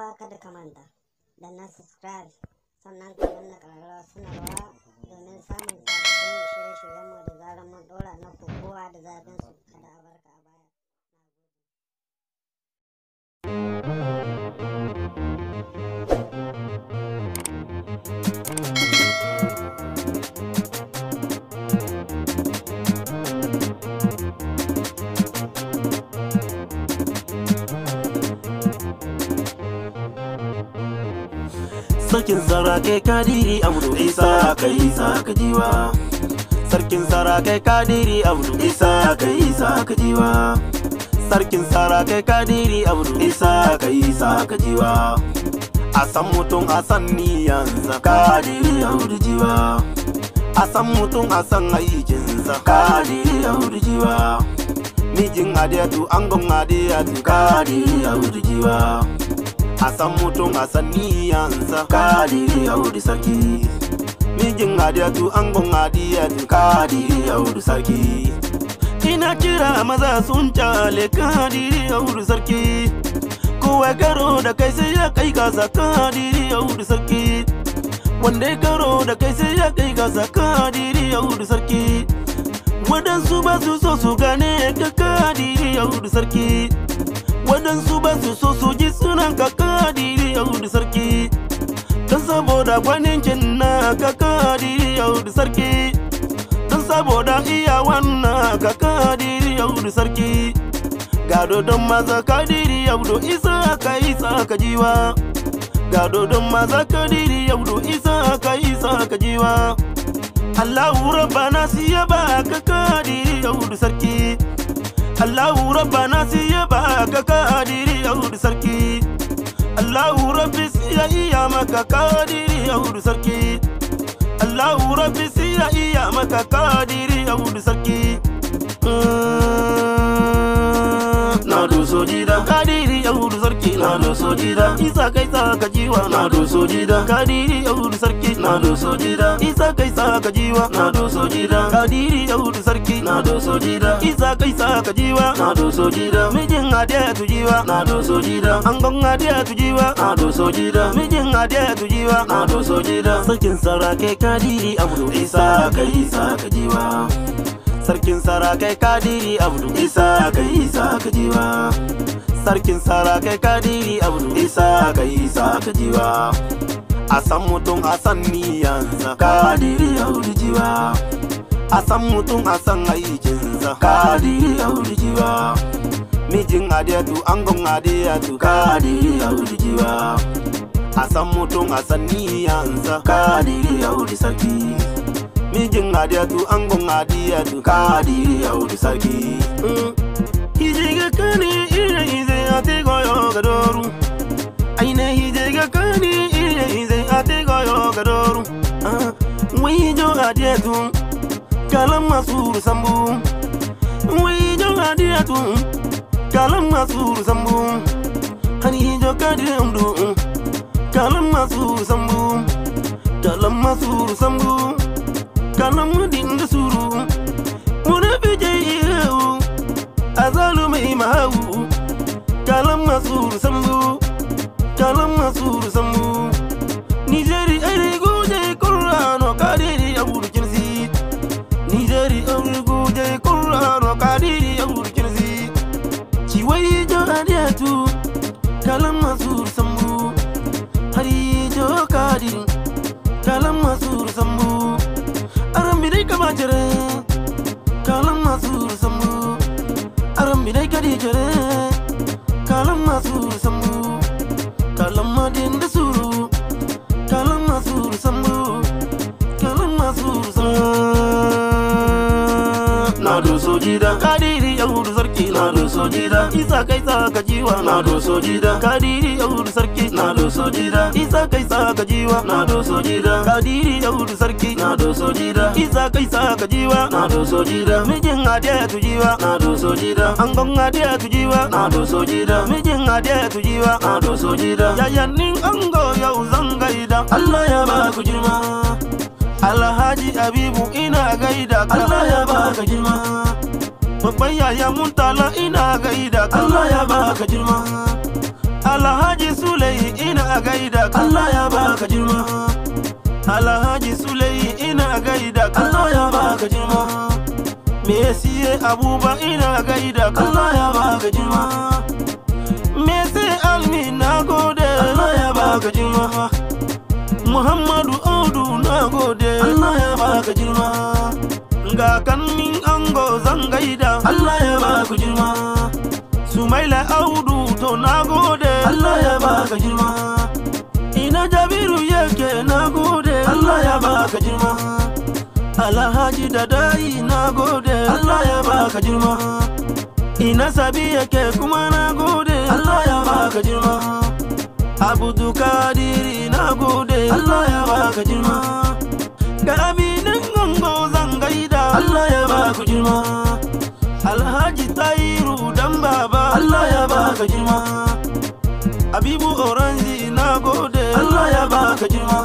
Kowa kada ka manta da na subscribe sannan ka danna suna ba domin samun sabbin shirye-shiryenmu da zarar mun ɗora na kokowa da zafin su kada a barka sarkin zara kai kadiri abdu isa kai isa ka jiwa sarkin zara kai kadiri abdu isa kai isa ka jiwa sarkin zara kai kadiri abdu isa kai isa ka jiwa a san mutum a san niyansa kadiri abdu jiwa a san mutum a san aikinsa kadiri abdu jiwa mijin adiyatu angon adiyatu kadiri abdu jiwa a san mutum a san niyansa ya wuri sarki mijin hadiyatu angon kadi ya wuri sarki ina kira maza sun cale ya wuri sarki kowa garo da kai sai ya kai gasa ya wuri sarki wanda ya karo da kai sai ya kai gasa ya wuri sarki wadansu ba su so su gane ka ya wuri sarki waɗansu ba su so su ji sunan kaka diri a hudu sarki don saboda gwanin na kaka diri a hudu sarki don saboda iya wannan kaka diri a hudu sarki gado don maza kadiri ya hudu isa ka isa ka jiwa gado don maza kadiri ya hudu isa ka isa ka jiwa Allahu rabbana siya ba ka kadiri ya wuri sarki Allahu rabbana ba baka kadiri hudu sarki Allahu rabbi siya iya maka kadiri hudu sarki Allahu rabbi siya iya maka kadiri hudu sarki mm. Na doso gida kadiri hudu sarki na doso jida. isa kai sa ka jiwa na doso jida. kadiri yahudu sarki na doso jida. isa kai sa ka jiwa na doso jida. kadiri yahudu sarki na doso jida. isa kai sa ka jiwa na doso gida mijin adiya tu jiwa na doso jida. angon adiya tu jiwa na doso gida mijin adiya tu jiwa na doso jida. sarkin sarake kadiri abdu isa kai isa ka jiwa sarkin sarakai kadiri abdu isa kai isa ka jiwa sarkin sara kai kadiri abun isa ka isa ka jiwa a san mutum a san niyansa kadiri ya jiwa a san mutum a san aikinsa kadiri ya jiwa mijin adiyatu angon adiyatu kadiri ya jiwa a san mutum a san niyansa kadiri ya wuri sarki mijin adiyatu angon adiyatu kadiri ya sarki. Mm. Ijiga kane ire atego yo gadoru aine hije ah, ga kani ine hije atego yo gadoru wi jo adietu kalam masur sambu wi jo adietu kalam masur sambu hani jo kadem du kalam masur sambu kalam masur sambu suru sambu nijeri ere guje kurano kadiri abur kirzi nijeri ere guje kurano kadiri abur kirzi ciwai jo adiyatu kalan masur sambu hari jo kadiri kalan masur sambu aran bidai kama jere kalan masur sambu aran bidai kadi jere jida kadiri hudu sarki na doso jida isa kai sa ka jiwa na doso jida kadiri hudu sarki na doso jida isa kai sa ka jiwa na doso jida kadiri hudu sarki na doso jida isa kai sa ka jiwa na doso jida mijin adiya tu jiwa na doso jida angon adiya tu jiwa na doso jida mijin adiya tu jiwa na doso jida yayannin ango ya zan gaida Allah ya ba ku girma Alhaji Habibu ina gaida Allah ya baka girma babban yaya mun tala ina gaida ka Allah ya baka girma Alhaji Sulai ina gaida ka Allah ya baka girma Alhaji Sulai ina gaida ka Allah ya baka girma Me siye Abuba ina gaida ka Allah ya baka girma Me sai Almi na gode Allah ya baka girma kakannin ango zan gaida Allah ya ba ku girma Sumaila Audu to na gode Allah ya ba ka girma Ina Jabiru yake na gode Allah ya ba ka girma Alhaji Dadai na gode Allah ya ba ka girma Ina sabi yake kuma na gode Allah ya ba ka girma Abdu Kadiri na gode Allah ya ba ka girma Allah ya baka girma Alhaji Tairu dan baba Allah ya baka girma Habibu Oranzi na gode Allah ya baka girma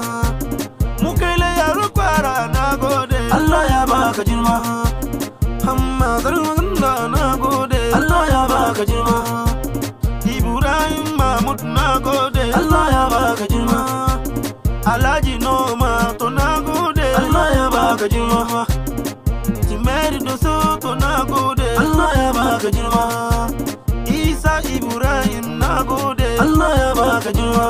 Mukaila ya rukwara na gode Allah ya baka girma baka girma Isa Ibrahim na gode Allah ya baka girma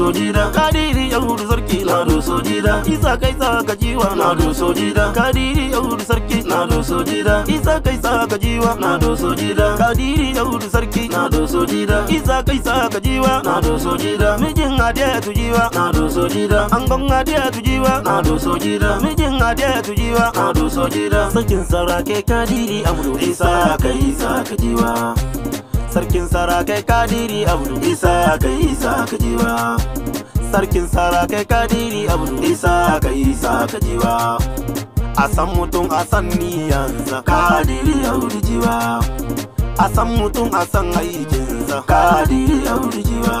sodida kadiri ya hudu sarki na do sodida isa kai sa ka jiwa na do sodida kadiri ya hudu sarki na do sodida isa kai sa ka jiwa na do sodida kadiri ya hudu sarki na do sodida isa kai sa ka jiwa na do sodida mijin adiya tu jiwa na do sodida angon adiya tu jiwa na do sodida mijin adiya tu jiwa na do sodida sakin sarake kadiri abdu isa kai sa ka jiwa sarkin kai kadiri abdu isa kai isa ka jiwa sarkin kai kadiri abdu isa kai isa ka jiwa a san mutum a san niyansa kadiri abdu jiwa a san mutum a san aikinsa kadiri abdu jiwa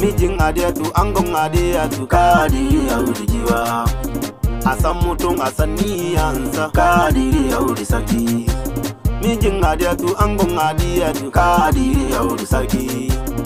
mijin adiyatu angon adiyatu kadiri abdu jiwa a san mutum a san niyansa kadiri abdu sarki mijin adiyatu angon adiyatu ka adiyatu sarki